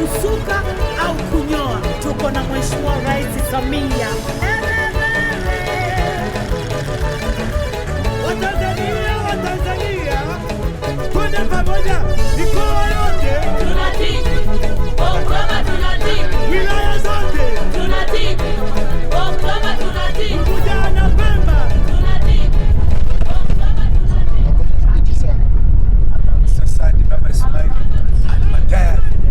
do ao